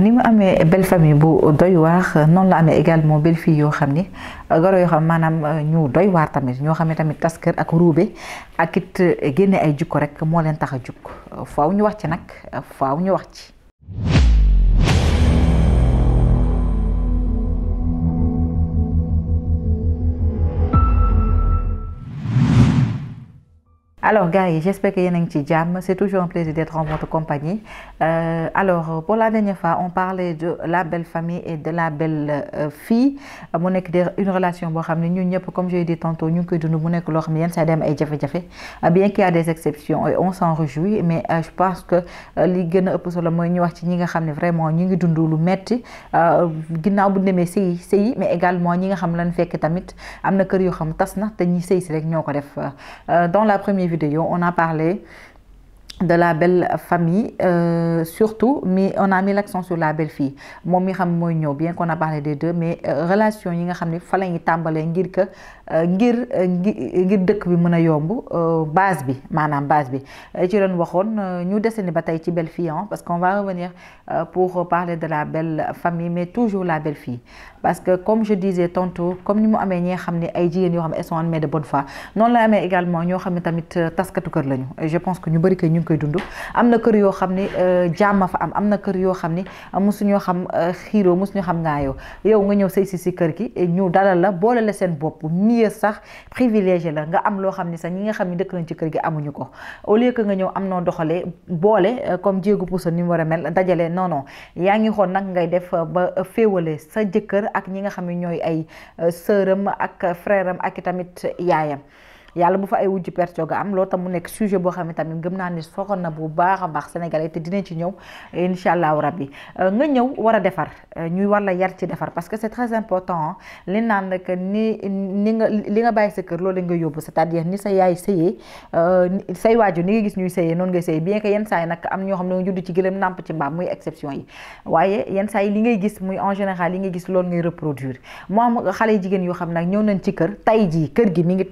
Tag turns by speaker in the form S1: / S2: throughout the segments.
S1: ni mu amee belle famille bu doy waax noon la amee également belle fille yoo xam ni goro yoo xam maanaam euh, ñu doy waar tamit ñoo xam ne tamit tas kër ak ruube ak it euh, génne ay jukko rek moo leen tax a jukk faaw ñu wax ci nag faw ñu wax ci alors guys, j'espère que yéen a ngi ci diam c'est toujours un plaisir d'être en votre compagnie euh, alors pour la dernière fois on parlait de la belle famille et de la belle euh, fille Mon nekk une relation boo xam ñun comme je l'ai dit tantôt ñu que koy dund mu nekk loo xam ne yenn dem ay jafe-jafe bien qu'il y a des exceptions et on s'en réjouit mais euh, je pense que euh, li gën a ëpp solo mooy ñu wax ci ñi nga xam ne vraiment ñu ngi dund lu metti euh, ginnaaw bu demee sëy sëy mais également ñi nga xam lan fekk tamit am na kër yoo xam tas na te ñi sëy si rek ñoo ko def euh, dans la première vidéo on a parlé de la belle famille euh, surtout mais on a mis l'accent sur la belle fille moom bien qu'on a parlé des deux mais euh, relation yi nga xam fa euh, ngir euh, euh, ngir dëkk bi mën a yomb base bi maanaam base bi ci doon waxoon ñu desandi ba tey ci belle fille hein parce qu'on va revenir pour parler de la belle famille mais toujours la belle fille parce que comme je disais tantôt comme ni mu amee ñi nga xam ne ay jigéen yoo xam elles sont animées de bonne foi noonu la amee également ñoo xam ne tamit taskatu kër lañu je pense que ñu bëri kay ñu ngi koy dund am na kër yoo xam ne jàmm fa am am na kër yoo xam ne mosuñoo xam xiiroo mosuñoo xam ngaayoo yow nga ñëw sëy si si kër gi ñu dalal la boole la seen bopp sax privilégié la nga am loo xam ni sax ñi nga xam ni dëkk nañ ci kër gi amuñu ko au lieu que nga ñëw am noo doxalee boole euh, comme jéegu pousa ni mu war a mel dajale non yaa ngi xool nag ngay def euh, ba euh, féewale sa jëkkër ak ñi nga xam ne ñooy ay sëram ak frèram ak i tamit yaayam yàlla bu fa ay wujj perco ga am loolu tam mu nekk sujet boo xam ne tamit gëm naa ni soxal na bu baax a baax sénégalais te dinañ ci ñëw incha allahu rabbi euh, nga ñëw war a defar euh, ñu war la yar ci defar parce que c'est très important li naan nag ni ni nga li nga bàyyi sa kër loolu la nga yóbbu c'est-à-dire ni sa yaay sëyee euh, say waajur ni nga gis ñuy sëyee noonu ngay sëyee bien que yenn saa yi nag am ñoo xam ne nga judd ci gëlëm nàmp ci mbaam muy exception yi waaye gis loolu ngay reproduire moo am yoo xam nag ñëw nañ ci kër tay jii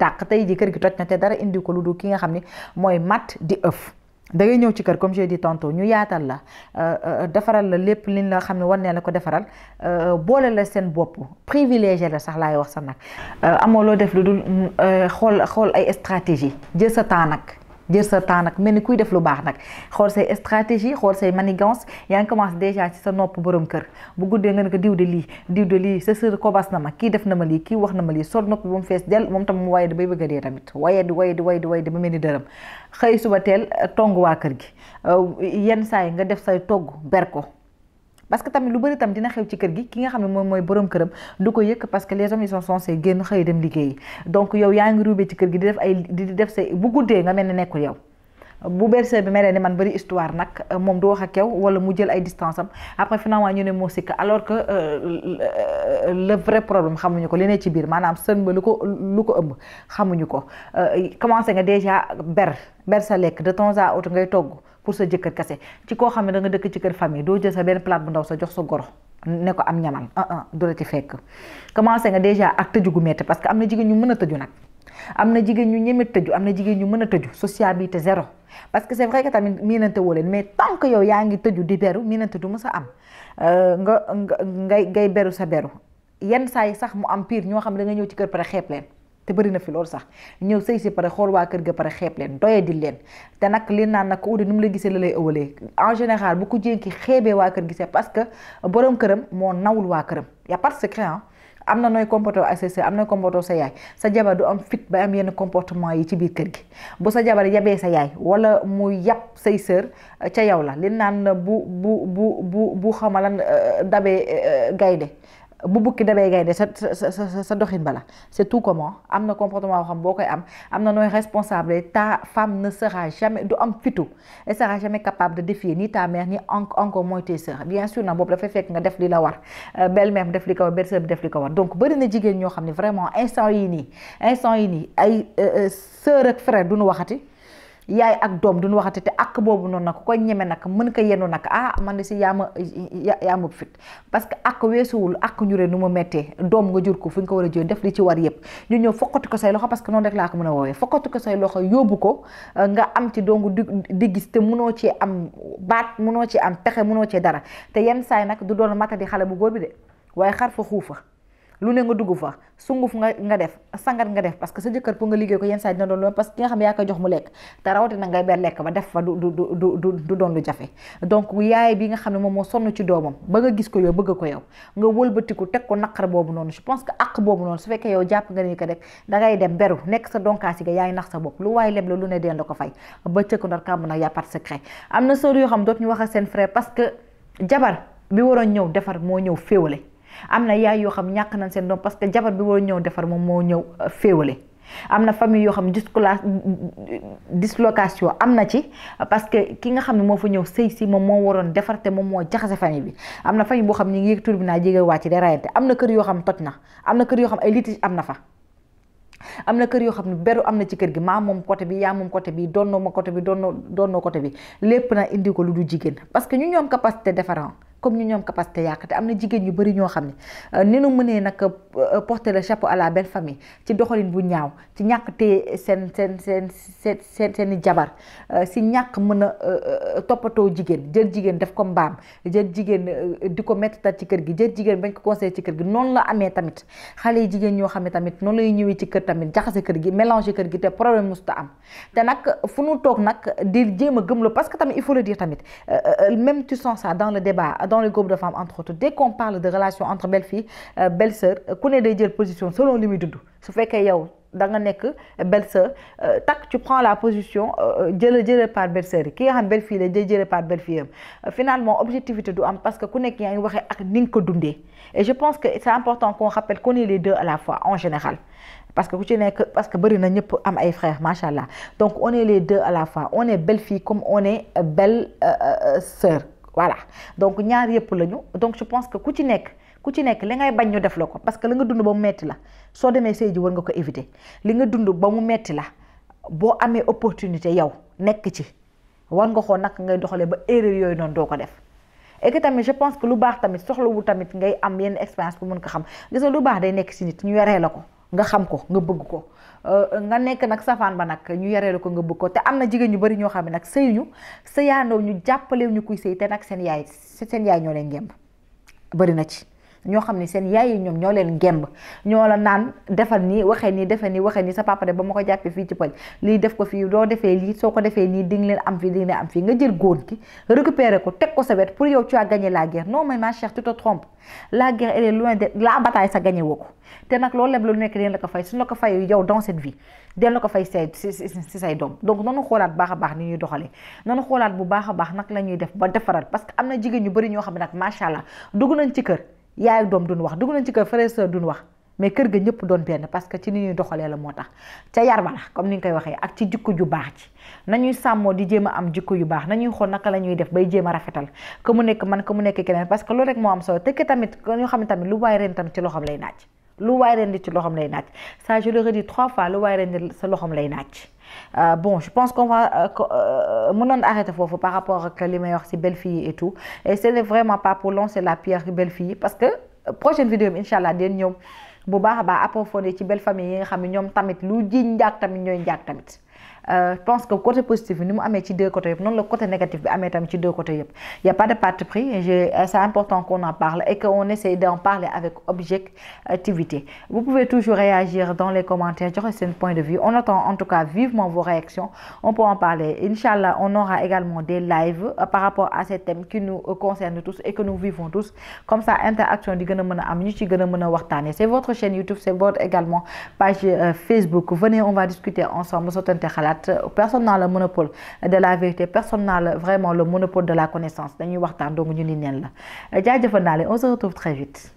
S1: kër gi toj na te dara indi ko lu dul ki nga xam ne mooy mat di ëf da ngay ñëw ci kër comme j'ai dit tantôt ñu yaatal la euh, euh, defaral la lépp liñ la xam ne war nee la ko defaral euh, boole la seen bopp privilégié la sax laay wax sa nag amoo loo def lu dul xool xool ay stratégie jël sa temps nag jël sa temps nag mel ni kuy def lu baax nag xool say stratégie xool say manigance yaa ngi commencé déjà ci sa nopp borom kër bu guddee nga ne ko diw de lii diw de lii sa sër kobas na ma kii def na ma lii kii wax na ma lii sol nopp ba mu fees dell moom tam mu waye di bay bëgg a dee tamit waye di waye di waye di ba mel ni dërëm xëy suba teel tong waa kër gi euh, yenn saa yi nga def say togg ber ko parce que tamit lu bëri tam dina xew ci kër gi ki nga xam ne moom mooy borom këram du ko yëkk parce que les hommes ils sont censés génn xëy dem liggéeyi donc yow yaa ngi ruubee ci kër gi di def ay di def say bu guddee nga mel ne nekkul yow bu berse bi meree ne man bëri histoire nag moom du wax ak yow wala mu jël ay distance am après finalement ñu ne moo sikk alors que euh, le vrai problème xamuñu ko li ne ci biir maanaam sën ba lu ko lu ko ëmb xamuñu ko euh, commencé nga déjà ber ber sa lekk de temps à ngay togg pour sa jëkkër kese ci koo xam ne da dëkk ci kër famille doo jël sa benn plate bu ndaw sa jox sa goro ne ko am ñamal ah ah du la ci fekk commencé nga déjà ak tëju gu métti parce que am na jigéen ñu mën a tëju nag am na jigéen ñu ñeme tëju am na jigéen ñu mën a tëju te zéro parce que c'est vrai que tamit miinante woo leen mais tant que yow yaa ngi tëju di beru miinante du mës sa am euh, nga ngay ngay beru sa beru yenn saa yi sax mu am piir ñoo xam ne da ñëw ci kër pare xeeb leen te bari na fi loolu sax ñëw sëy si pare xool waa kër ga pare xeeb leen doye di leen te nag li naan nag ko ude nu mu la gisee la lay ëwalee en général bu ko jénki xeebee waa kër gi c'est parce que borom këram moo nawul waa këram y a pas am na nooy comporté ak sa sœur am na comporté sa yaay sa jabar du am fit ba am yenn comportement yi ci biir kër gi bu sa jabar yabee sa yaay wala mu yab say euh, ca yow la li naan bu bu bu bu bu xamalan euh, euh, dabee gaynde bu bukki dabee gaynde sa sa sa sa doxin bala c'est tout comment am comportement yoo xam boo am am noy responsable ta femme ne sera jamais du am fitou elle sera jamais capable de défier ni ta mère ni encore moins tes sœurs bien sûr nag boobu dafay fek nga def li la war euh, belle-mère def li ko belle-sœur def li ko war donc bëri na jigéen ñoo xam vraiment instant yi nii instant yi nii ay euh, euh, sœur ak frère duñu waxati yaay ak doom duñu waxate te ak boobu noonu nag ko ñeme nag mën ko yenu nag ah man de si yaa ma yaa ma fit parce que ak weesuwul ak ñu re nu mu méttee doom nga jur ko fu ñu ko war a jël def li ci war yëpp ñu ñëw fokkati ko say loxo parce que noonu rek laa ko mën a woowee fokkati ko say loxo yóbbu ko euh, nga am ci dongu di di gis te mënoo ci am baat mënoo ci am pexe mënoo cee dara te yenn saay nag du doon mata di xale bu góor bi de waaye xar fa xuufa lu ne nga dugg fa sunguf nga nga def sangat nga def parce que sa jëkkër pour nga liggéey ko yenn saa dina doon lu parce que ki nga xam ne yaa koy jox mu lekk te jafe donc yaay bi nga xam ne moom moo sonn ci doomam ba nga gis ko yow bëgg ko yow nga wëlbatiku teg ko naqar boobu noonu je pense que ak boobu noonu su fekkee yow jàpp nga ni ko rek da ngay dem beru nekk sa donkaasi ga yaa nax sa bopp lu waaye leb la lu ne deen la ko fay ba cëkk ndar kàmb nag yaa part secret am na sër yoo xam dootuñu wax ak seen frère parce defar moo ñëw féewale am na yaay yoo xam ñàkk nañ seen doom parce que jabar bi woo ñëw defar moom moo ñëw euh, féewale am na famille yoo xam dislocation am na ci parce que ki nga xam ne moo fa ñëw sëy si moom moo waroon defar te moom moo jaxase famille bi am na famille boo xam ñi ngi jege wàcc day rayante am na kër yoo xam toj na am na kër yoo xam ay litige am fa am na kër yoo xam ne beru am na ci kër gi maa moom côté bi yaa moom côté bi doonnoo ma côté bi doonnoo doonnoo côté bi lépp na indi ko lu du jigéen parce que ñu ñoom capacité différent ah. comme ñu ñoom capacité yàq te am na jigéen yu bëri ñoo xam ne euh, ni nu mënee nag euh, porter le chapeau à la belle famille ci doxalin bu ñaaw ci ñàkk te seen seen seen seen seen i jabar euh, si ñàq mën a toppatoo jigéen jël jigéen def ko mbaam jël jigéen di ko métti ci kër gi jël jigéen bañ koo conseillé ci kër gi noonu la amee tamit xale yi jigéen ñoo xam ne tamit noonu lay ñëwee ci kër tamit jaxase kër gi mélanger kër gi te problème musta am te nag fu nu toog nag di jéem a gëmloo parce que tamit il faut tamit même tu sens ça le débat dans le groupe de femmes entre autres dès qu'on parle de relation entre belle-fille euh, belle-sœur qu'on ait day jël position selon lui muy que su y yow da nga belle-sœur euh, tak tu prends la position le euh, jëla par belle-sœur qui ki une xam belle-fille la jël par belle-fille finalement objectivité du parce que ku nekk yaa a une ak et je pense que c'est important qu'on rappelle qu'on est les deux à la fois en général parce que parce que na frères machallah donc on est les deux à la fois on est belle-fille comme on est belle-sœur voilà donc ñaar yëpp lañu donc je pense que ku ci nekk ku ci nekk li ngay bañ ñu def la ko parce que la nga dund ba mu metti la soo demee sey ji war nga ko éviter li nga dund ba mu metti la boo amee opportunité yow nekk ci war nga xool naka ngay doxalee ba erreur yooyu noonu doo ko def et que tamit je pense que lu baax tamit soxlawu tamit ngay am yenn expérience pour mën ko xam gis nga lu baax day nekk si nit ñu yoree la ko nga xam ko nga bëgg ko Euh, nga nekk nag safaan ba nag ñu yaree la ko nga bëgg ko te am na jigéen ñu bari ñoo xam ne nag sëyuñu sëyaandoo ñu jàppalew ñu kuy sëy te nag seen yaay seen yaay ñoo leen ngemb bari na ci ñoo xam ne seen yaay yi ñoom ñoo leen gemb ñoo la naan defal nii waxee nii defee nii waxee nii sa papa de ba ma ko jàppee fii ci poñ lii def ko fii doo defee lii soo ko defee nii di nga am fii di am fii nga jël góor gi récupérer ko teg ko sa wet pour yow tu as gagné la ma chère tu te trompes sa gagné woo ko te nag loolu lépp lu nekk dinañ la ko fay suñ la ko fay yow dans cette vie dinañ la ko fay say si say doom donc noonu xoolaat baax a baax ni ñuy doxalee noonu xoolaat bu baax a baax nag la ñuy def ba defaral parce que am na jigéen ñu bari ñoo xam ne nag macha allah dugg nañ ci kër yaay doom duñ wax dugg nañ ci kër frère sœur duñ wax mais kër ga ñëpp doon benn parce que ci ni ñuy doxalee la moo tax ca yar ba comme ni ñu koy waxee ak ci jikko ju baax ci nañuy sàmmoo di jéem am jikko yu baax nañuy xool naka la ñuy def bay jéem a rafetal que mu nekk man que mu nekk keneen parce que loolu rek moo am solo te que tamit ñu xam tamit lu waay ren tamit ci loxoom lay naaj lu waay ren di ci loxoom lay naaj trois fois lu waay ren di sa loxoom lay naaj Euh, bon, je pense qu'on va... Mon euh, euh arrêter par rapport à les meilleurs, c'est belle fille et tout. Et ce n'est vraiment pas pour long, c'est la pire belle fille. Parce que euh, prochaine vidéo, Inch'Allah, nous allons approfondir la belle famille. Nous allons tamit lu des choses. tamit ñoy les tamit. Euh, je pense que le côté positif nous ni mu deux côtés Non, le côté négatif bi deux côtés y' a pas de parti pris prix c'est important qu'on en parle et qu'on essaye essaie d'en parler avec objectivité vous pouvez toujours réagir dans les commentaires sur un point de vue on attend en tout cas vivement vos réactions on peut en parler inchallah on aura également des lives euh, par rapport à ces thèmes qui nous euh, concernent tous et que nous vivons tous comme ça interaction du c'est votre chaîne YouTube c'est votre également page Facebook venez on va discuter ensemble sur internet date le monopole de la vérité personne n'a vraiment le monopole de la connaissance dañuy on se retrouve très vite